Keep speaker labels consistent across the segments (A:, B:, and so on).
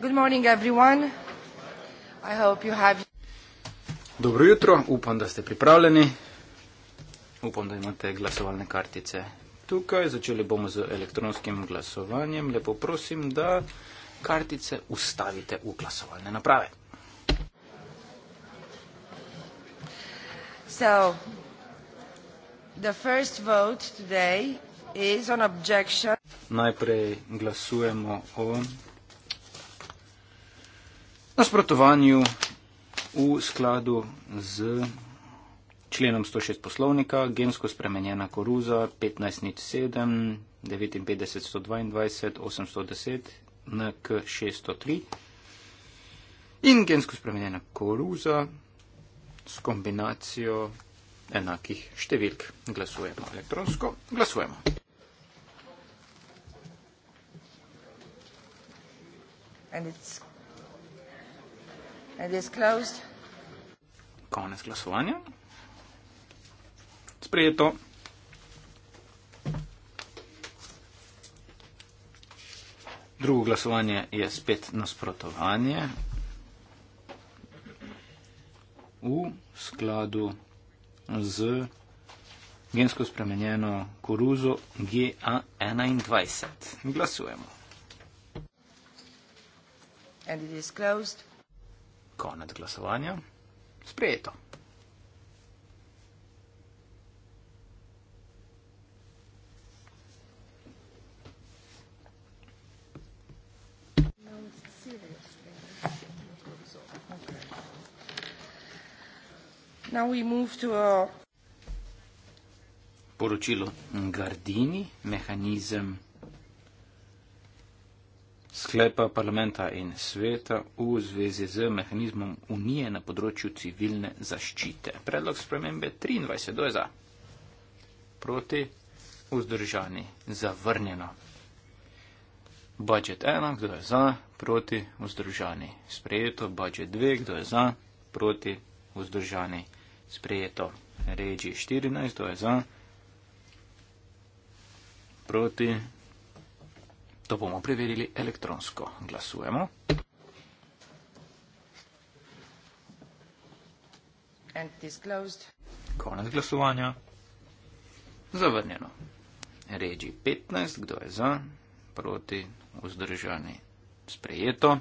A: Good morning, have...
B: Dobro jutro, upam, da ste pripravljeni. Upam, da imate glasovalne kartice tukaj. Začeli bomo z elektronskim glasovanjem. Lepo prosim, da kartice ustavite v glasovalne naprave.
A: So, the first vote today is on objection.
B: Najprej glasujemo o nasprotovanju v skladu z členom 106 poslovnika, gensko spremenjena koruza 1507, 59, 122, 810, NK 603 in gensko spremenjena koruza s kombinacijo enakih številk. Glasujemo elektronsko, glasujemo.
A: And it's It is closed.
B: Konec glasovanja. Sprejeto. Drugo glasovanje je spet nasprotovanje v skladu z gensko spremenjeno koruzo GA21. Glasujemo.
A: And it is closed.
B: Konec glasovanja.
A: Sprejeto. Poročilo
B: Gardini, mehanizem sklepa parlamenta in sveta v zvezi z mehanizmom unije na področju civilne zaščite. Predlog spremembe 23. Kdo je za? Proti? Vzdržani? Zavrnjeno. Budget 1. Kdo je za? Proti? Vzdržani? Sprejeto. Budget 2. Kdo je za? Proti? Vzdržani? Sprejeto. Regi 14. Kdo je za? Proti? To bomo preverili elektronsko. Glasujemo. Konec glasovanja. Zavrnjeno. Reči 15, kdo je za, proti, vzdržani, sprejeto.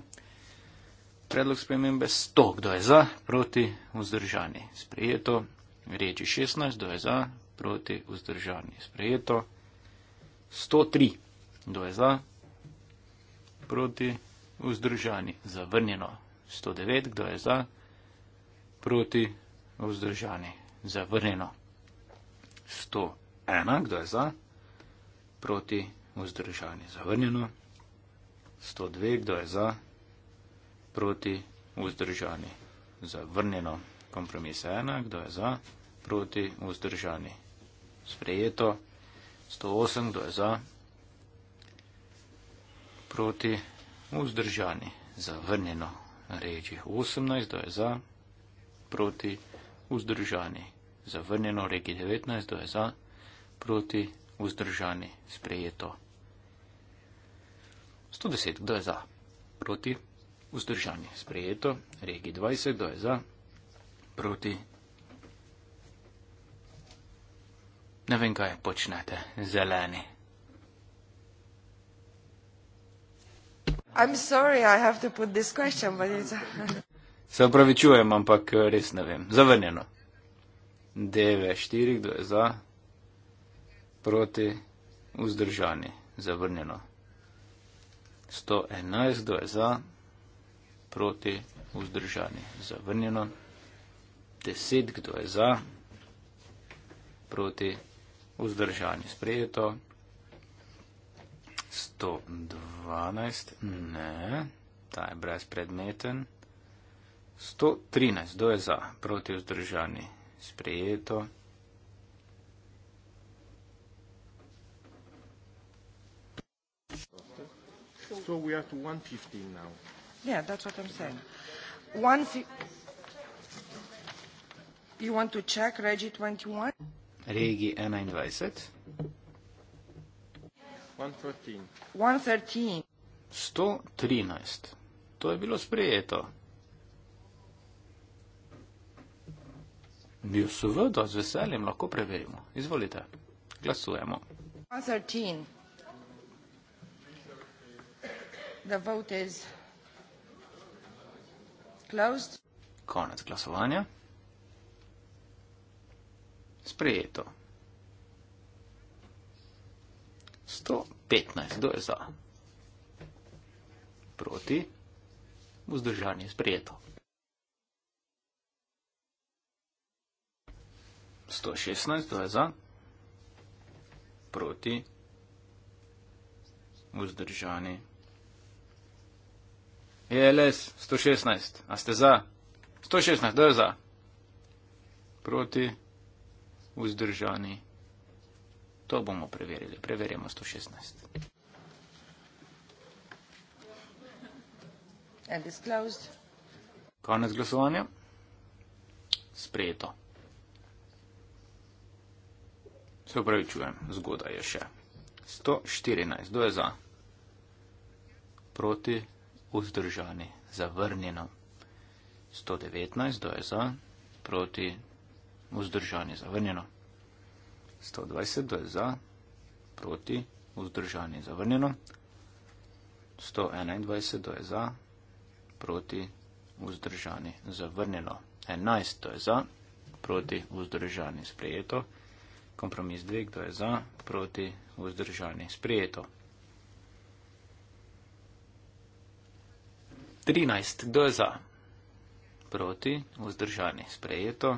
B: Predlog spremembe 100, kdo je za, proti, vzdržani, sprejeto. Reči 16, kdo je za, proti, vzdržani, sprejeto. 103, kdo je za, proti vzdržani. Zavrnjeno. 109, kdo je za? Proti vzdržani. Zavrnjeno. 101, kdo je za? Proti vzdržani. Zavrnjeno. 102, kdo je za? Proti vzdržani. Zavrnjeno. Kompromis 1, kdo je za? Proti vzdržani. Sprejeto. 108, kdo je za? Proti vzdržani proti vzdržani, zavrnjeno. Reči 18, do je za, proti vzdržani, zavrnjeno. Reki 19, do je za, proti vzdržani, sprejeto. 110, kdo je za, proti vzdržani, sprejeto. Reki 20, kdo je za, proti. Ne vem, kaj počnete, zeleni. Se upravičujem, ampak eh, res ne vem. Zavrnjeno. 9-4, kdo je za? Proti, vzdržani. Zavrnjeno. 111, kdo je za? Proti, vzdržani. Zavrnjeno. 10, kdo je za? Proti, vzdržani. Sprejeto. 112, ne, ta je brezpredmeten. 113, kdo je za, proti vzdržani, sprejeto. So we are to 115 now.
A: Yeah, that's what I'm saying. One you want to check Regi 21?
B: Regi 21.
A: 113.
B: To je bilo sprejeto. Mi jo seveda z veseljem lahko preverimo. Izvolite, glasujemo.
A: 113.
B: Konec glasovanja. Sprejeto. 115, kdo je za? Proti? Vzdržanje je sprejeto. 116, kdo je za? Proti? Vzdržanje. ELS, 116, a ste za? 116, kdo je za? Proti? Vzdržanje. To bomo preverili. Preverjamo 116. Konec glasovanja. Sprejeto. Se upravičujem, zgodaj je še. 114. Kdo je za? Proti, vzdržani, zavrnjeno. 119. Kdo je za? Proti, vzdržani, zavrnjeno. 120, to je za, proti, vzdržanje zavrnjeno. 121, to je za, proti, vzdržanje zavrnjeno. 11, to je za, proti, vzdržanje sprejeto. Kompromis 2, kdo je za, proti, vzdržanje sprejeto. 13, kdo je za, proti, vzdržanje sprejeto.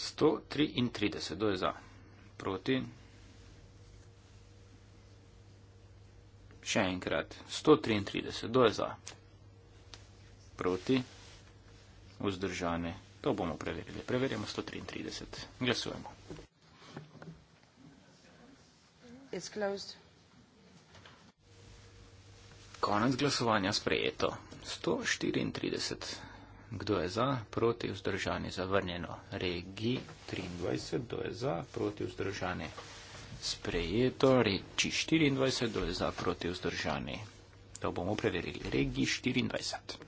B: 133, kdo je za? Proti? Še enkrat, 133, kdo je za? Proti? Vzdržane, to bomo preverili. Preverjamo 133, glasujemo. Konec glasovanja sprejeto. 134. Kdo je za? Proti vzdržani. Zavrnjeno. Regi 23. Kdo je za? Proti vzdržani. Sprejeto. Regi 24. Kdo je za? Proti vzdržani. To bomo preverili. Regi 24.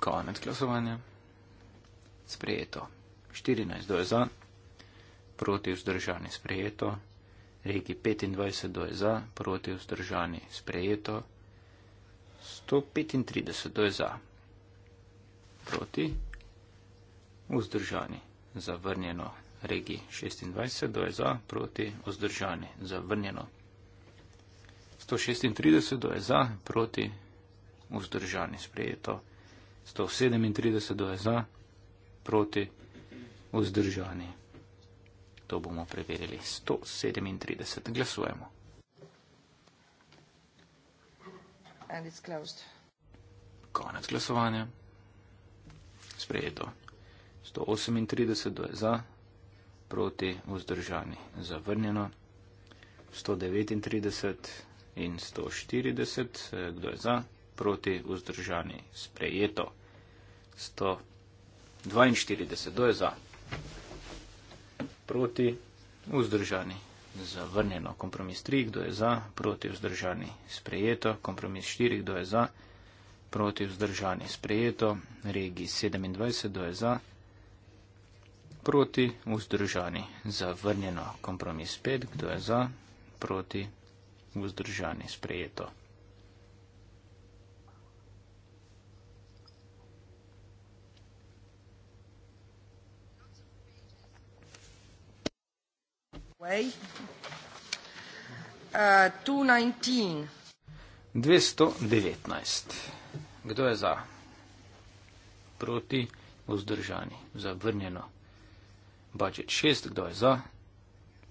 B: Konec glasovanja. Sprejeto. 14. Kdo je za? Proti vzdržani. Sprejeto. Regi 25. Kdo je za? Proti vzdržani. Sprejeto. 135, to je za, proti, vzdržani, zavrnjeno, regi 26, to je za, proti, vzdržani, zavrnjeno, 136, to je za, proti, vzdržani, sprejeto, 137, to je za, proti, vzdržani, to bomo preverili, 137, glasujemo.
A: and it's closed.
B: Konec glasovanja. Sprejeto. 138 je za, proti vzdržani zavrnjeno. 139 in 140, kdo je za, proti vzdržani sprejeto. 142, kdo je za, proti vzdržani sprejeto zavrnjeno. Kompromis 3, kdo je za, proti vzdržani, sprejeto. Kompromis 4, kdo je za, proti vzdržani, sprejeto. Regi 27, kdo je za, proti vzdržani, zavrnjeno. Kompromis 5, kdo je za, proti vzdržani, sprejeto.
A: way. Uh, 219.
B: Kdo je za? Proti, vzdržani, zavrnjeno. Budget 6, kdo je za?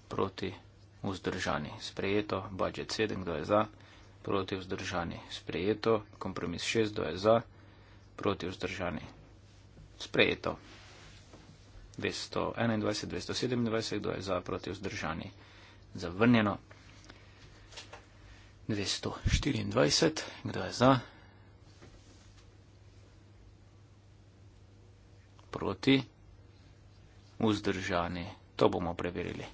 B: Proti, vzdržani, sprejeto. Budget 7, kdo je za? Proti, vzdržani, sprejeto. Kompromis 6, kdo je za? Proti, vzdržani, sprejeto. 221, 227, kdo je za proti vzdržani, zavrnjeno. 224, kdo je za, proti vzdržani, to bomo preverili.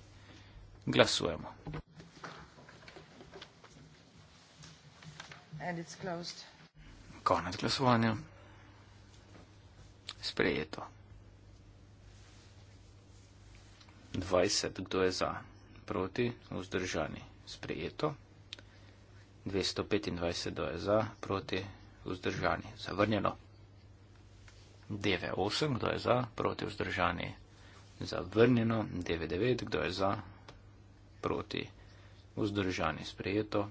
B: Glasujemo. Konec glasovanja. Sprejeto. 20, kdo je za, proti, vzdržani, sprejeto. 225, kdo je za, proti, vzdržani, zavrnjeno. 98, kdo je za, proti, vzdržani, zavrnjeno. 99, kdo je za, proti, vzdržani, sprejeto.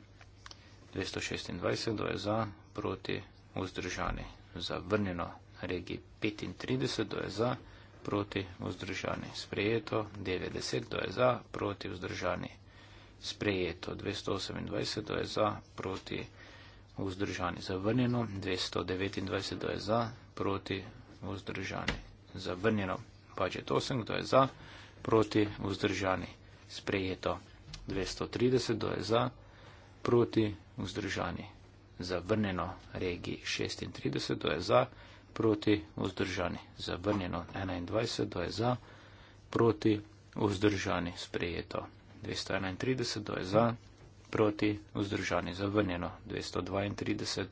B: 226, kdo je za, proti, vzdržani, zavrnjeno. Regi 35, kdo je za, proti, vzdržani proti vzdržani. Sprejeto 90, kdo je za, proti vzdržani. Sprejeto 228, kdo je za, proti vzdržani. Zavrnjeno 229, kdo je za, proti vzdržani. Zavrnjeno pač je 8, kdo je za, proti vzdržani. Sprejeto 230, kdo je za, proti vzdržani. Zavrnjeno regiji 36, kdo je za proti vzdržani, zavrnjeno 21, do je za, proti vzdržani, sprejeto 231, do je za, proti vzdržani, zavrnjeno 232,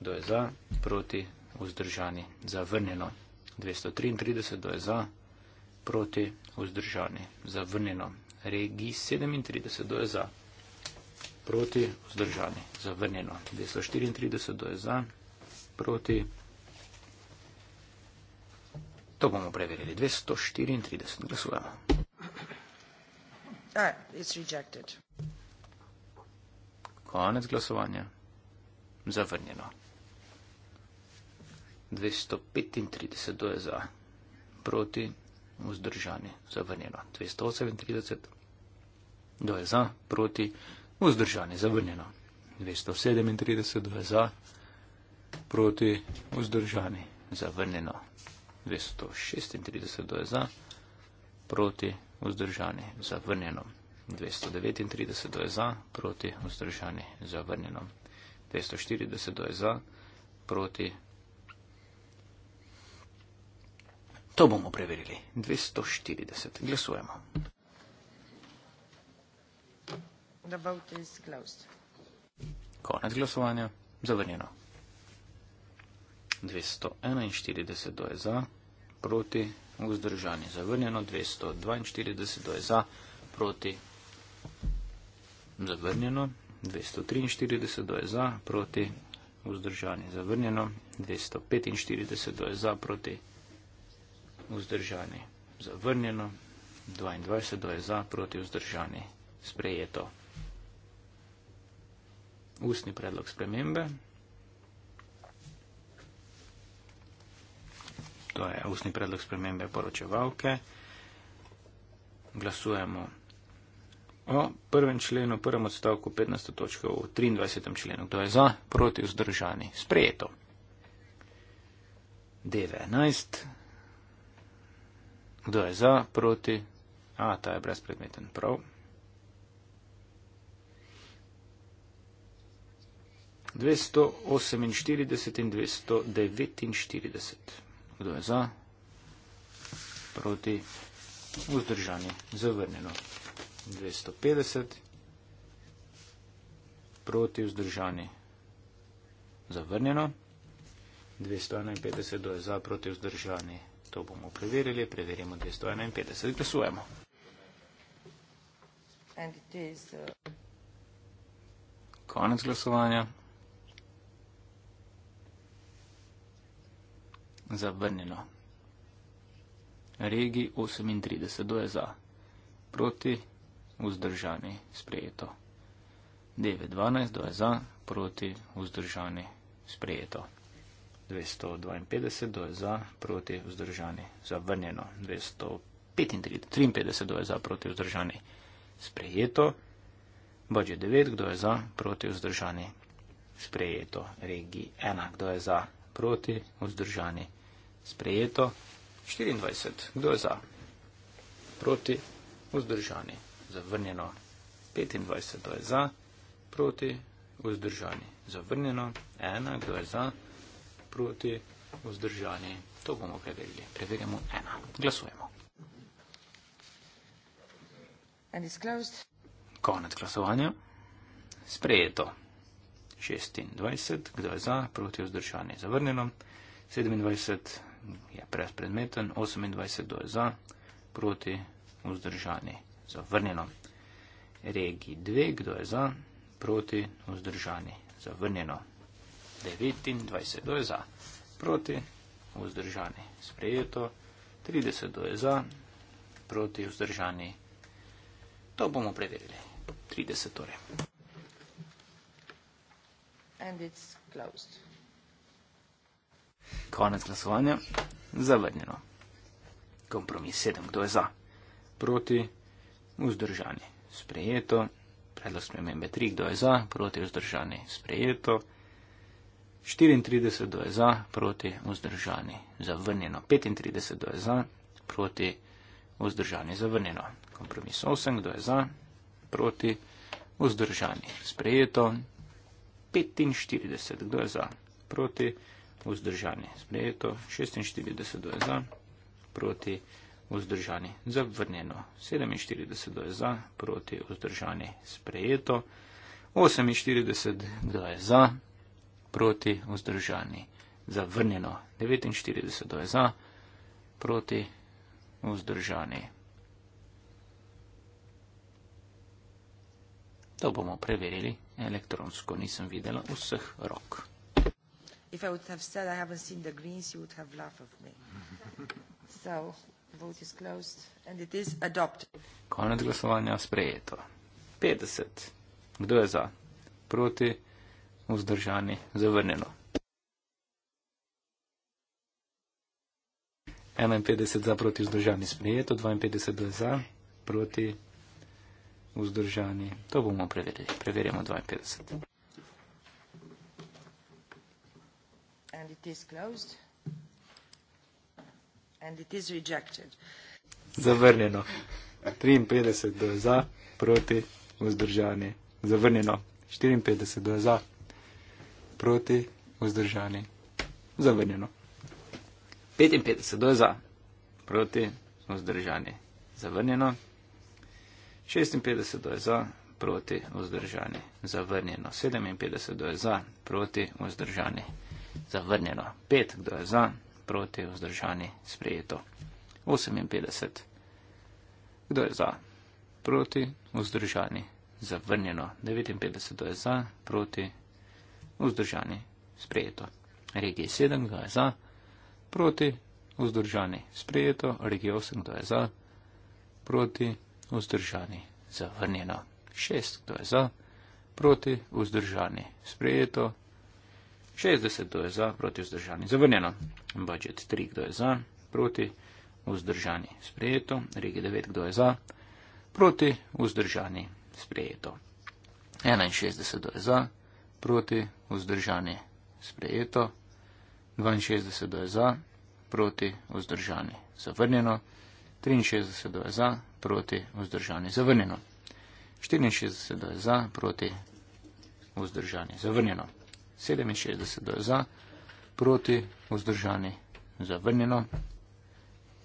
B: do je za, proti vzdržani, zavrnjeno 233, do je za, proti vzdržani, zavrnjeno regiji 37, do je za. Proti vzdržani, zavrnjeno 234 do je za, proti. To bomo preverili. 234 glasov. Ah, Konec glasovanja. Zavrnjeno. 235 do je za, proti, vzdržani, zavrnjeno. 237 do je za, proti, vzdržani, zavrnjeno. 237 do je za proti vzdržani. Zavrnjeno 236, kdo je za, proti vzdržani. Zavrnjeno 239, kdo je za, proti vzdržani. Zavrnjeno 240, kdo je za, proti. To bomo preverili. 240. Glasujemo. Konec glasovanja. Zavrnjeno. 241 do je za, proti, vzdržani zavrnjeno, 242 do je za, proti, zavrnjeno, 243 do je za, proti, vzdržani zavrnjeno, 245 do je za, proti, vzdržani zavrnjeno, 22 do je za, proti, vzdržani sprejeto. Ustni predlog spremembe. to je ustni predlog spremembe poročevalke. Glasujemo o prvem členu, prvem odstavku 15. točke v 23. členu. To je za, proti, vzdržani. Sprejeto. D11. Kdo je za, proti? A, ta je brezpredmeten. Prav. Dvesto oseminštirideset in dvesto devetinštirideset. Kdo je za? Proti. Vzdržani. Zavrnjeno. 250. Proti. Vzdržani. Zavrnjeno. 251. Kdo je za? Proti. Vzdržani. To bomo preverili. Preverimo 251. Glasujemo. Uh, Konec glasovanja. zavrnjeno. Regi 38, do je za, proti, vzdržani, sprejeto. 912, do je za, proti, vzdržani, sprejeto. 252, do je za, proti, vzdržani, zavrnjeno. 253, do je za, proti, vzdržani, sprejeto. Bađe 9, kdo je za, proti, vzdržani, sprejeto. Regi 1, kdo je za, proti, vzdržani, sprejeto sprejeto 24. Kdo je za? Proti, vzdržani. Zavrnjeno 25. Kdo je za? Proti, vzdržani. Zavrnjeno 1. Kdo je za? Proti, vzdržani. To bomo preverili. Preverjamo 1. Glasujemo. Konec glasovanja. Sprejeto. 26. Kdo je za? Proti vzdržanje. Zavrnjeno. 27 je brezpredmeten, 28 do za, proti vzdržani, zavrnjeno. Regi 2, kdo je za, proti vzdržani, zavrnjeno. 29 do za, proti vzdržani, sprejeto. 30 do za, proti vzdržani. To bomo preverili. 30 torej.
A: And it's closed.
B: Konec glasovanja. Zavrnjeno. Kompromis 7. Kdo je za? Proti. Vzdržani. Sprejeto. Predlog spremembe 3. Kdo je za? Proti. Vzdržani. Sprejeto. 34. Kdo je za? Proti. Vzdržani. Zavrnjeno. 35. Kdo je za? Proti. Vzdržani. Zavrnjeno. Kompromis 8. Kdo je za? Proti. Vzdržani. Sprejeto. 45. Kdo je za? Proti vzdržani. Sprejeto 46 do je za, proti vzdržani. Zavrnjeno 47 do je za, proti vzdržani. Sprejeto 48 do je za, proti vzdržani. Zavrnjeno 49 do je za, proti vzdržani. To bomo preverili elektronsko, nisem videla vseh rok
A: if I would have said I haven't seen the Greens, you would have laughed at me. so, vote is closed and it is adopted. Konec
B: glasovanja sprejeto. 50. Kdo je za? Proti? Vzdržani? Zavrnjeno. 51 za proti vzdržani sprejeto, 52 je za proti vzdržani. To bomo preverili. Preverimo 52.
A: and it is closed and it is rejected.
B: Zavrnjeno. 53 do za, proti, vzdržani. Zavrnjeno. 54 do za, proti, vzdržani. Zavrnjeno. 55 do za, proti, vzdržani. Zavrnjeno. 56 do za, proti, vzdržani. Zavrnjeno. 57 do za, proti, vzdržani zavrnjeno. 5, kdo je za, proti, vzdržani, sprejeto. 58, kdo je za, proti, vzdržani, zavrnjeno. 59, kdo je za, proti, vzdržani, sprejeto. Regij 7, kdo je za, proti, vzdržani, sprejeto. Regij 8, kdo je za, proti, vzdržani, zavrnjeno. 6, kdo je za, proti, vzdržani, sprejeto. 60, kdo je za, proti vzdržani, zavrnjeno. Budget 3, kdo je za, proti vzdržani, sprejeto. Regi 9, kdo je za, proti vzdržani, sprejeto. 61, kdo je za, proti vzdržani, sprejeto. 62, kdo je za, proti vzdržani, zavrnjeno. 63, kdo je za, proti vzdržani, zavrnjeno. 64, kdo je za, proti vzdržani, zavrnjeno. 67 je za, proti vzdržani zavrnjeno,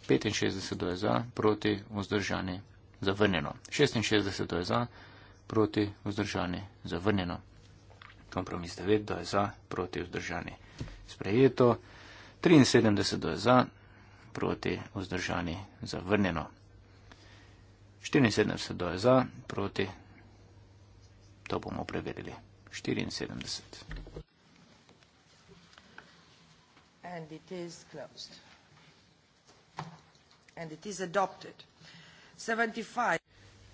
B: 65 je za, proti vzdržani zavrnjeno, 66 je za, proti vzdržani zavrnjeno, kompromis 9 je za, proti vzdržani sprejeto, 73 je za, proti vzdržani zavrnjeno, 74 je za, proti, to bomo preverili. 74
A: and it is closed and it is adopted 75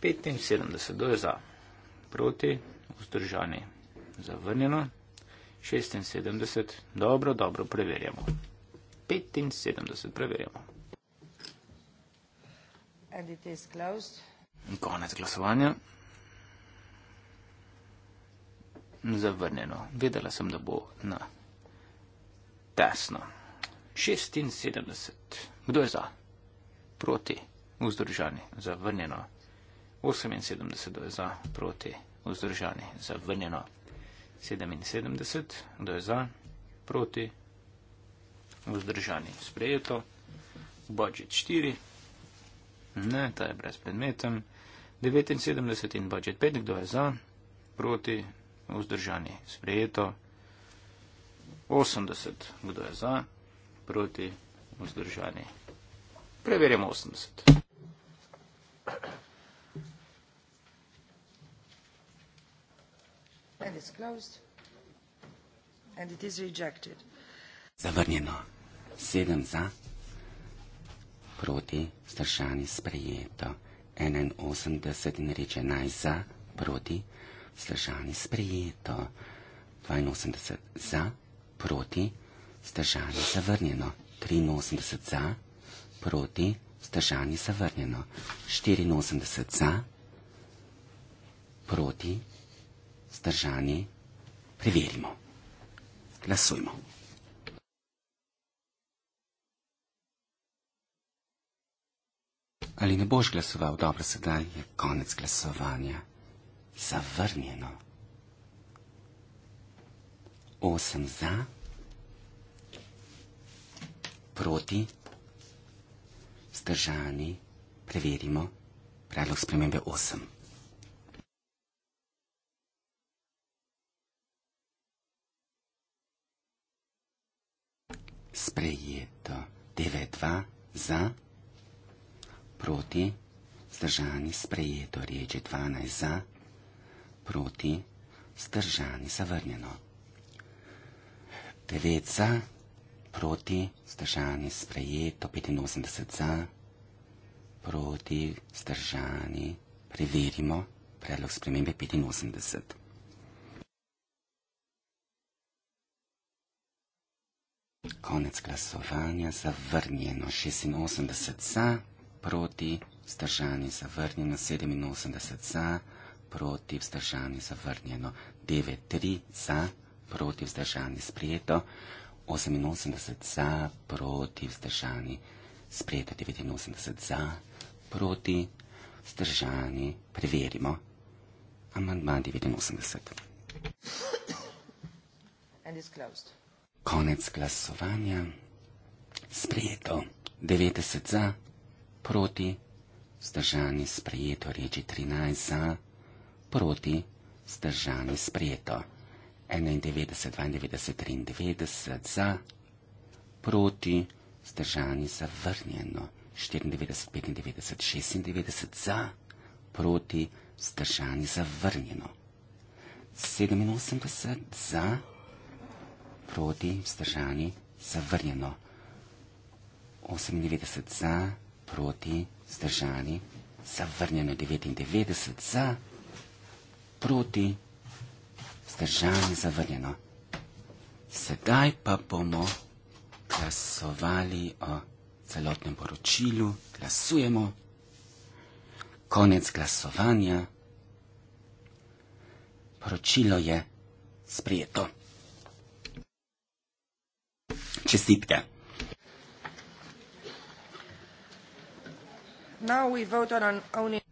B: 75 za proti vzdržani zavrnjeno 76 dobro dobro preverjamo 75 preverjamo
A: and it is closed
B: In konec glasovanja zavrnjeno vedela sem da bo na tesno. 76. Kdo je za? Proti. Vzdržani. Zavrnjeno. 78. Kdo je za? Proti. Vzdržani. Zavrnjeno. 77. Kdo je za? Proti. Vzdržani. Sprejeto. Budget 4. Ne, ta je brezpredmeten. 79 in budget 5, kdo je za? Proti, vzdržani, sprejeto. 80, kdo je za, proti, vzdržani. Preverjamo 80.
A: And it's closed. And it is rejected.
C: Zavrnjeno. Sedem za, proti, vzdržani, sprejeto. 81 in reče naj za, proti, vzdržani, sprejeto. 82 za proti, vzdržani zavrnjeno, 83 za, proti, vzdržani zavrnjeno, 84 za, proti, vzdržani, preverimo. Glasujmo. Ali ne boš glasoval? Dobro, sedaj je konec glasovanja. Zavrnjeno. 8 za, proti, zdržani, preverimo, predlog spremembe 8. Sprejeto 9-2 za, proti, zdržani, sprejeto, reče 12 za, proti, zdržani, zavrnjeno. 9 za, proti, zdržani, sprejeto, 85 za, proti, zdržani, preverimo, predlog spremembe 85. Konec glasovanja, zavrnjeno 86 za, proti, vzdržani, zavrnjeno 87 za, proti, vzdržani, zavrnjeno 9-3 za proti vzdržani sprijeto, 88 za, proti vzdržani sprijeto, 89 za, proti vzdržani, preverimo, amandman 89. Konec glasovanja, sprijeto, 90 za, proti vzdržani sprijeto, reči 13 za, proti vzdržani sprijeto. 91, 92, 93 za, proti, zdržani, zavrnjeno. 94, 95, 96 za, proti, zdržani, zavrnjeno. 87 za, proti, zdržani, zavrnjeno. 98 za, proti, zdržani, zavrnjeno. 99 za, proti, zdržani vzdržanje zavrjeno. Sedaj pa bomo glasovali o celotnem poročilu. Glasujemo. Konec glasovanja. Poročilo je sprijeto. Čestitke.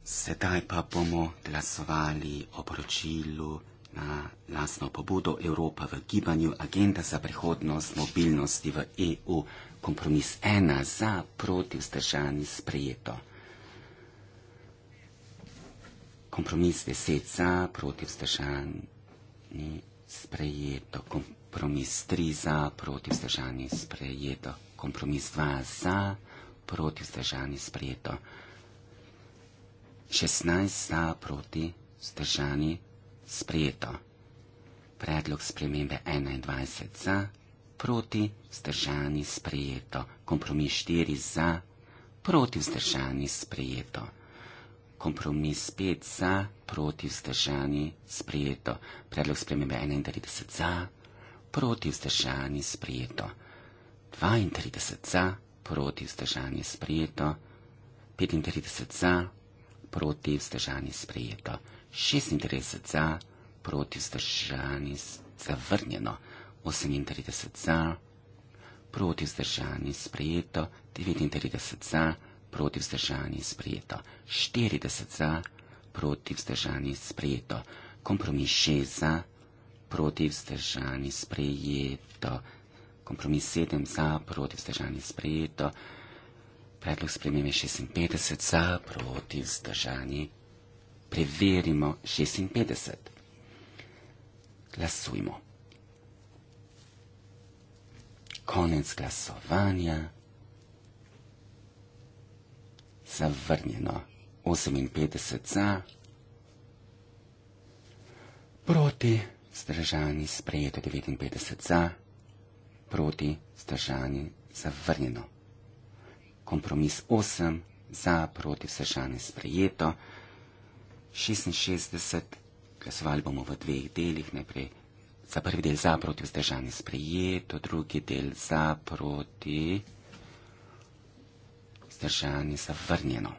C: Sedaj pa bomo glasovali o poročilu. Na lasno pobudo Evropa v gibanju Agenda za prihodnost mobilnosti v EU kompromis ena za proti vzdržani sprejeto. Kompromis deset za proti vzdržani sprejeto. Kompromis tri za proti vzdržani sprejeto. Kompromis dva za proti vzdržani sprejeto. 16 za proti vzdržani sprejeto sprejeto. Predlog spremembe 21 za, proti vzdržani sprejeto. Kompromis 4 za, proti vzdržani sprejeto. Kompromis 5 za, proti vzdržani sprejeto. Predlog spremembe 31 za, proti vzdržani sprejeto. 32 za, proti vzdržani sprejeto. 35 za, proti vzdržani sprejeto. 36 za, proti vzdržani zavrnjeno, 38 za, proti vzdržani sprejeto, 39 za, proti vzdržani sprejeto, 40 za, proti vzdržani sprejeto, kompromis 6 za, proti vzdržani sprejeto, kompromis 7 za, proti vzdržani sprejeto, predlog spremembe 56 za, proti vzdržani sprejeto preverimo 56. Glasujmo. Konec glasovanja. Zavrnjeno 58 za, proti zdržani sprejeto 59 za, proti zdržani zavrnjeno. Kompromis 8 za, proti zdržani sprejeto 59. 66, glasovali bomo v dveh delih, najprej za prvi del za proti vzdržanje sprejeto, drugi del za proti vzdržanje zavrnjeno.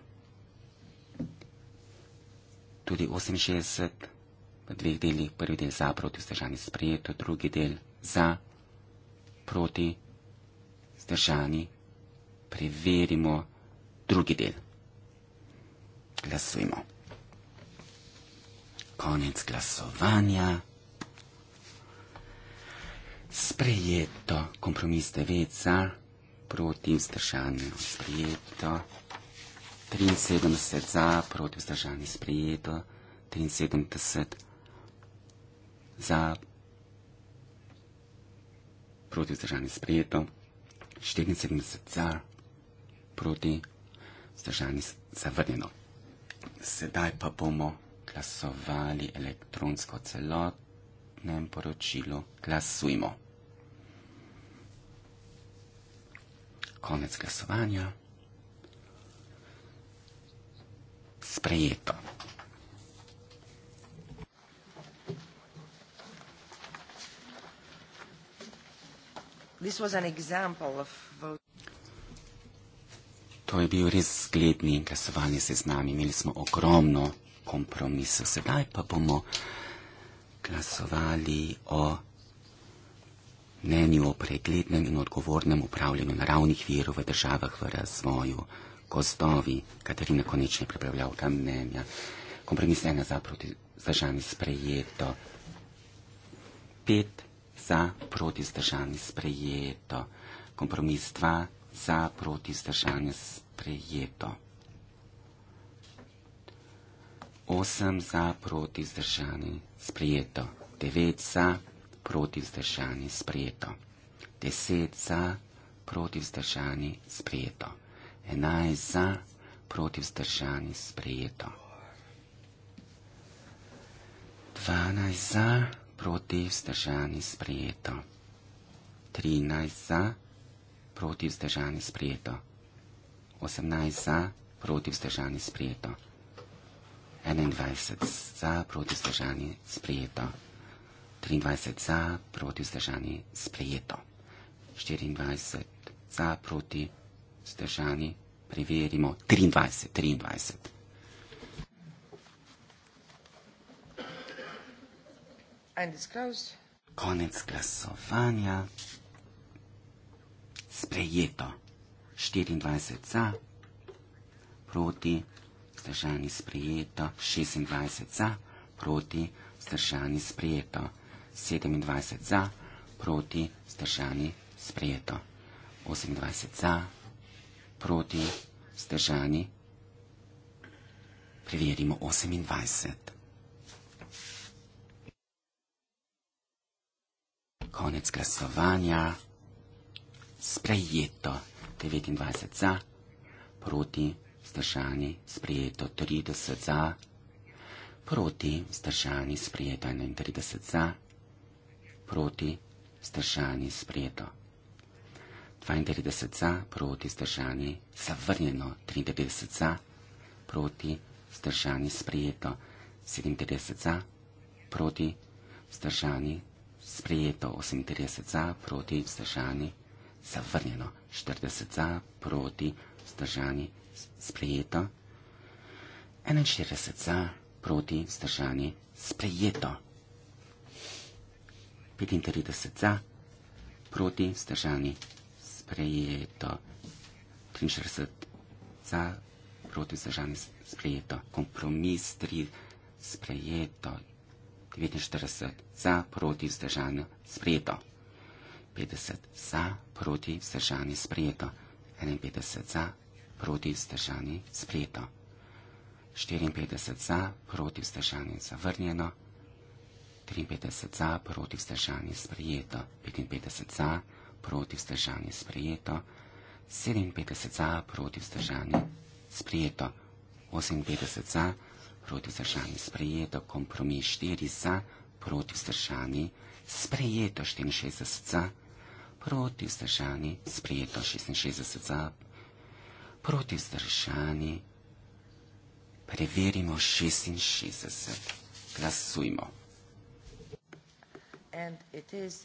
C: Tudi 68 v dveh delih, prvi del za proti vzdržanje sprejeto, drugi del za proti vzdržanje. Preverimo drugi del. Glasujmo konec glasovanja. Sprejeto, kompromis 9 za, proti vzdržanju sprejeto, 73 za, proti vzdržanju sprejeto, 73 za, proti vzdržanju sprejeto, 74 za, proti vzdržanju zavrnjeno. Sedaj pa bomo glasovali elektronsko celotnem poročilu, glasujmo. Konec glasovanja. Sprejeto. To je bil res zgledni glasovalni seznam. Imeli smo ogromno kompromisu. Sedaj pa bomo glasovali o mnenju o preglednem in odgovornem upravljanju naravnih virov v državah v razvoju. Gozdovi, Katarina Konečni, pripravljavka mnenja. Kompromis ena za proti zdržani sprejeto. Pet za proti zdržani sprejeto. Kompromis dva za proti zdržani sprejeto. 8 za proti vzdržani sprijeto, 9 za proti vzdržani sprijeto, 10 za proti vzdržani sprijeto, 11 za proti vzdržani sprijeto, 12 za proti vzdržani sprijeto, 13 za proti vzdržani sprijeto, 18 za proti vzdržani sprijeto. 21 za, proti vzdržanje sprejeto. 23 za, proti vzdržanje sprejeto. 24 za, proti vzdržanje preverimo. 23, 23. Konec glasovanja. Sprejeto. 24 za, proti vzdržani sprejeto, 26 za, proti, vzdržani sprejeto, 27 za, proti, vzdržani sprejeto, 28 za, proti, vzdržani. Preverimo 28. Konec glasovanja. Sprejeto 29 za, proti vzdržani, sprijeto 30 za, proti vzdržani, sprijeto 31 za, proti vzdržani, sprijeto 32 za, proti vzdržani, zavrnjeno 93 za, proti vzdržani, sprijeto 37 za, proti vzdržani, sprijeto 38 za, proti vzdržani, zavrnjeno 40 za, proti vzdržani, vzdržani, sprejeto. 41 za, proti, vzdržani, sprejeto. 35 za, proti, vzdržani, sprejeto. 43 za, proti, vzdržani, sprejeto. Kompromis 3, sprejeto. 49 za, proti, vzdržani, sprejeto. 50 za, proti, vzdržani, sprejeto. 51 za, proti vzdržani spleto. 54 za, proti vzdržani zavrnjeno. 53 za, proti vzdržani sprejeto. 55 za, proti vzdržani sprejeto. 57 za, proti vzdržani sprejeto. 58 za, proti vzdržani sprejeto. Kompromis 4 za, proti vzdržani sprejeto. 64 za, proti vzdržani sprejeto. Proti vzdržani, sprijeto 66 za. Proti vzdržani, preverimo 66. Glasujmo.
A: And it is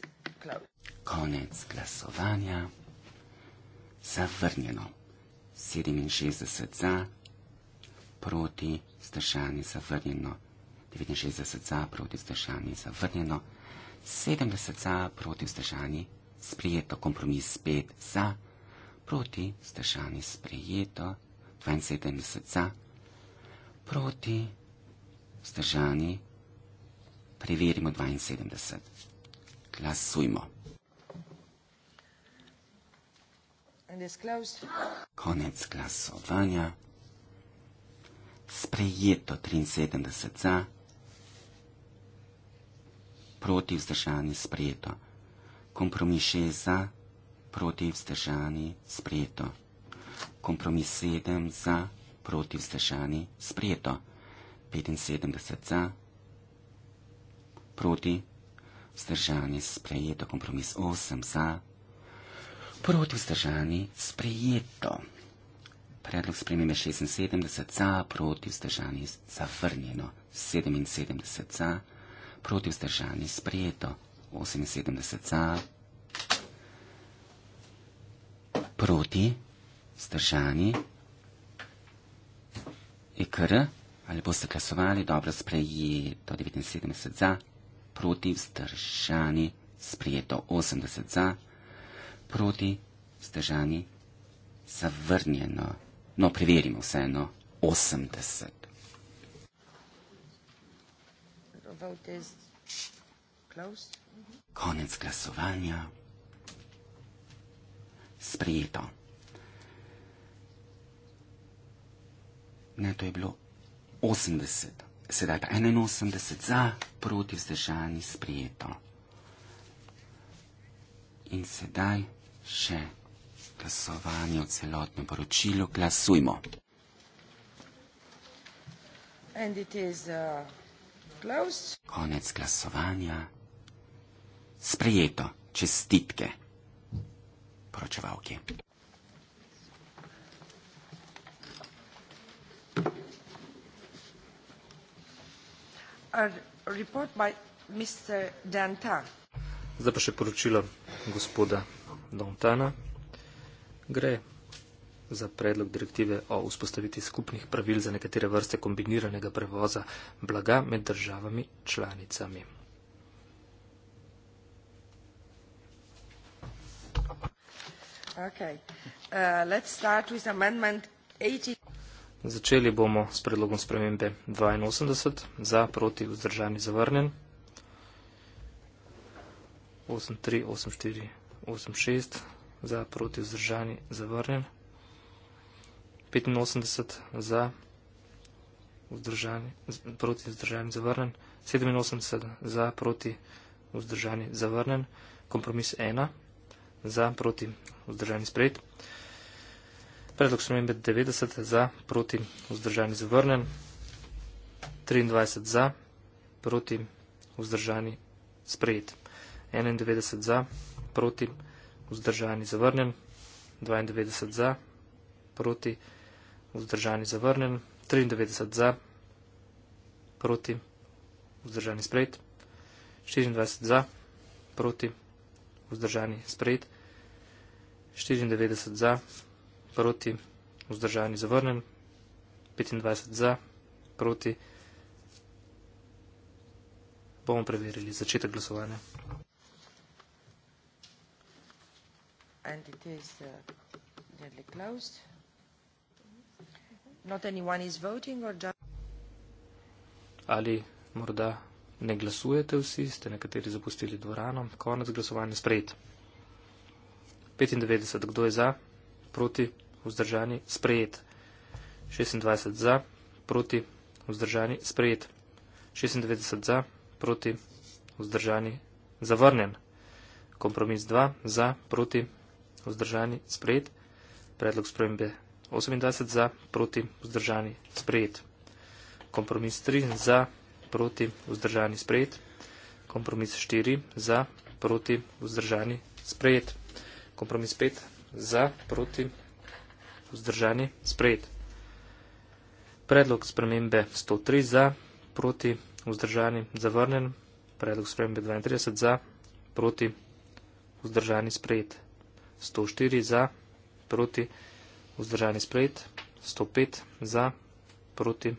C: Konec glasovanja. Zavrnjeno. 67 za, proti vzdržani, zavrnjeno. 69 za, proti vzdržani, zavrnjeno. 70 za, proti vzdržani, sprijeto kompromis 5 za, proti vzdržani sprijeto 72 za, proti vzdržani preverimo 72. Glasujmo. Konec glasovanja. Sprejeto 73 za, proti vzdržani sprejeto 72. Kompromis 6 za, proti vzdržani, sprejeto. Kompromis 7 za, proti vzdržani, sprejeto. 75 za, proti vzdržani, sprejeto. Kompromis 8 za, proti vzdržani, sprejeto. Predlog spremembe 76 za, proti vzdržani, zavrnjeno. 77 za, proti vzdržani, sprejeto. 78 za, proti, zdržani, ekr, ali boste glasovali, dobro sprejeto 79 za, proti, zdržani, sprejeto 80 za, proti, zdržani, zavrnjeno. No, preverimo vseeno 80.
A: Vote is closed.
C: Konec glasovanja. Sprijeto. Ne, to je bilo 80, sedaj pa 81 za, proti vzdržani, sprijeto. In sedaj še glasovanje o celotnem poročilu. Glasujmo.
A: Uh,
C: Konec glasovanja sprejeto, čestitke. Poročevalki.
D: Zdaj pa še poročilo gospoda Dontana. Gre za predlog direktive o vzpostaviti skupnih pravil za nekatere vrste kombiniranega prevoza blaga med državami članicami.
A: Okay. Uh, let's start with amendment 80.
D: Začeli bomo s predlogom spremembe 82, za, proti, vzdržani, zavrnjen. 83, 84, 86, za, proti, vzdržani, zavrnjen. 85, za, vzdržani, proti, vzdržani, zavrnjen. 87, za, proti, vzdržani, zavrnjen. Kompromis 1 za, proti, vzdržani sprejet. Predlog spremembe 90 za, proti, vzdržani zavrnen. 23 za, proti, vzdržani sprejet. 91 za, proti, vzdržani zavrnen. 92 za, proti, vzdržani zavrnen. 93 za, proti, vzdržani sprejet. 24 za, proti, vzdržani sprejet vzdržani, sprejet, 94 za, proti, vzdržani, zavrnen, 25 za, proti. Bomo preverili začetek glasovanja.
A: And it is uh, nearly closed. Not anyone is voting or just...
D: Ali morda ne glasujete vsi, ste nekateri zapustili dvorano. Konec glasovanja sprejet. 95. Kdo je za? Proti. Vzdržani. Sprejet. 26. Za. Proti. Vzdržani. Sprejet. 96. Za. Proti. Vzdržani. Zavrnen. Kompromis 2. Za. Proti. Vzdržani. Sprejet. Predlog spremembe 28. Za. Proti. Vzdržani. Sprejet. Kompromis 3. Za proti, vzdržani sprejet. Kompromis 4, za, proti, vzdržani sprejet. Kompromis 5, za, proti, vzdržani sprejet. Predlog spremembe 103, za, proti, vzdržani zavrnen. Predlog spremembe 32, za, proti, vzdržani sprejet. 104, za, proti, vzdržani sprejet. 105, za, proti,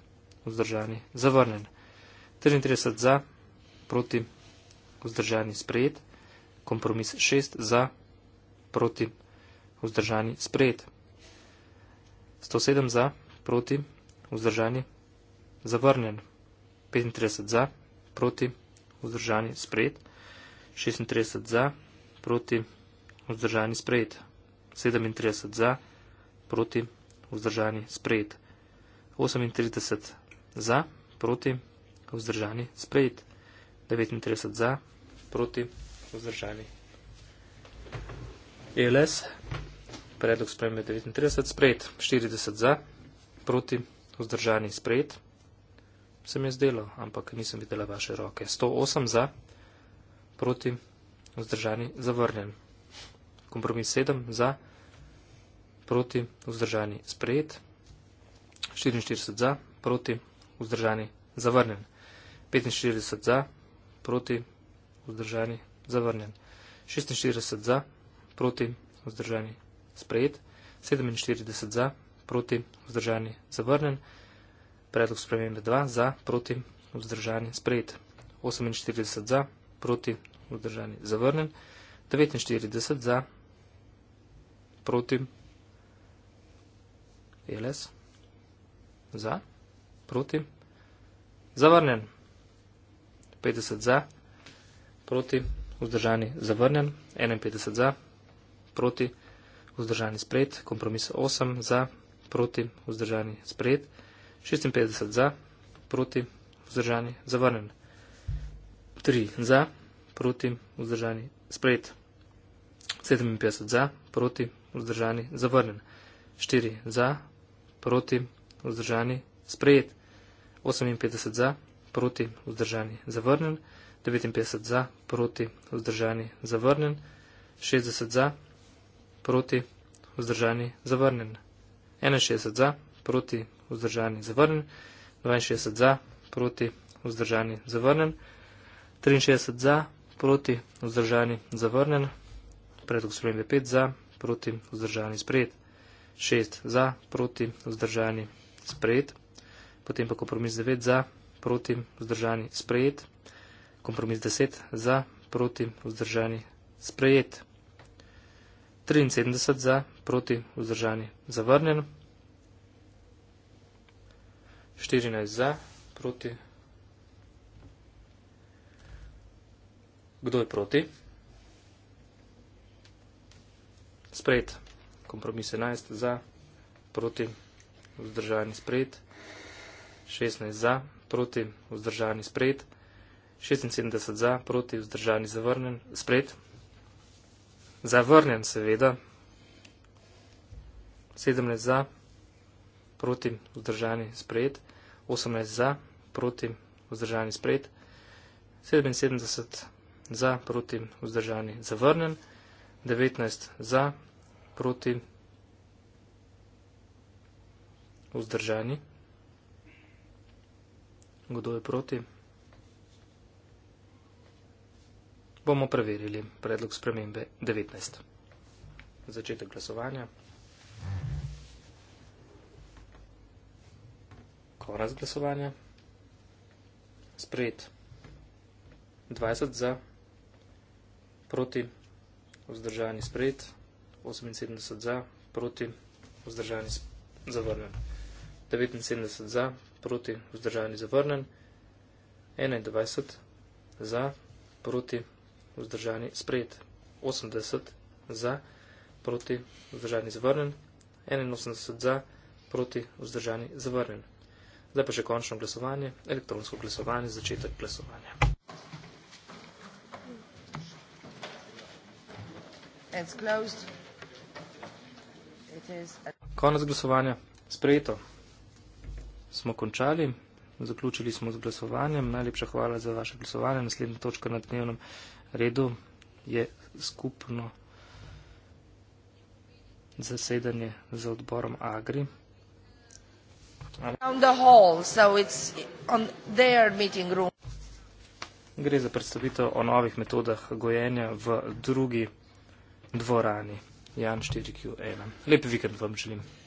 D: vzdržani zavrnen. 33 za, proti, vzdržani sprejet, kompromis 6 za, proti, vzdržani sprejet, 107 za, proti, vzdržani zavrnjen, 35 za, proti, vzdržani sprejet, 36 za, proti, vzdržani sprejet, 37 za, proti, vzdržani sprejet, 38 za, proti, vzdržani sprejet. Vzdržani, sprejet. 39 za, proti, vzdržani. ELS, predlog spremembe 39, sprejet. 40 za, proti, vzdržani, sprejet. Sem je zdelo, ampak nisem videla vaše roke. 108 za, proti, vzdržani, zavrnjen. Kompromis 7 za, proti, vzdržani, sprejet. 44 za, proti, vzdržani, zavrnjen. 45 za, proti, vzdržani, zavrnjen. 46 za, proti, vzdržani, sprejet. 47 za, proti, vzdržani, zavrnjen. Predlog spremembe 2 za, proti, vzdržani, sprejet. 48 za, proti, vzdržani, zavrnjen. 49 za, proti, ELS, za, proti, zavrnjen. 50 za, proti, vzdržani, zavrnjen, 51 za, proti, vzdržani, sprejet, kompromis 8 za, proti, vzdržani, sprejet, 56 za, proti, vzdržani, zavrnjen, 3 za, proti, vzdržani, sprejet, 57 za, proti, vzdržani, zavrnjen, 4 za, proti, vzdržani, sprejet, 58 za, proti, vzdržani, sprejet, 58 za, proti, vzdržani, zavrnjen, 59 za, proti, vzdržani, zavrnjen, 60 za, proti, vzdržani, zavrnjen, 61 za, proti, vzdržani, zavrnjen, 62 za, proti, vzdržani, zavrnjen, 63 za, proti, vzdržani, zavrnjen, predlog slovenbe 5 za, proti, vzdržani, sprejet, 6 za, proti, vzdržani, sprejet, potem pa kompromis 9 za, proti, vzdržani, sprejet. Kompromis 10 za, proti, vzdržani, sprejet. 73 za, proti, vzdržani, zavrnjen. 14 za, proti. Kdo je proti? Sprejet. Kompromis 11 za, proti, vzdržani, sprejet. 16 za, proti proti vzdržani sprejet, 76 za proti vzdržani zavrnen sprejet, zavrnen seveda, 17 za proti vzdržani sprejet, 18 za proti vzdržani sprejet, 77 za proti vzdržani zavrnen, 19 za proti vzdržani kdo je proti. Bomo preverili predlog spremembe 19. Začetek glasovanja. Konec glasovanja. Sprejet. 20 za, proti, vzdržani sprejet. 78 za, proti, vzdržani zavrnjen. 79 za, proti, vzdržani zavrnen, 21 za, proti, vzdržani sprejet, 80 za, proti, vzdržani zavrnen, 81 za, proti, vzdržani zavrnen. Zdaj pa še končno glasovanje, elektronsko glasovanje, začetek glasovanja. Konec glasovanja. Sprejeto smo končali. Zaključili smo z glasovanjem. Najlepša hvala za vaše glasovanje. Naslednja točka na dnevnem redu je skupno zasedanje z odborom Agri.
A: Hall,
D: Gre za predstavitev o novih metodah gojenja v
B: drugi dvorani Jan 4Q1. Lep vikend vam želim.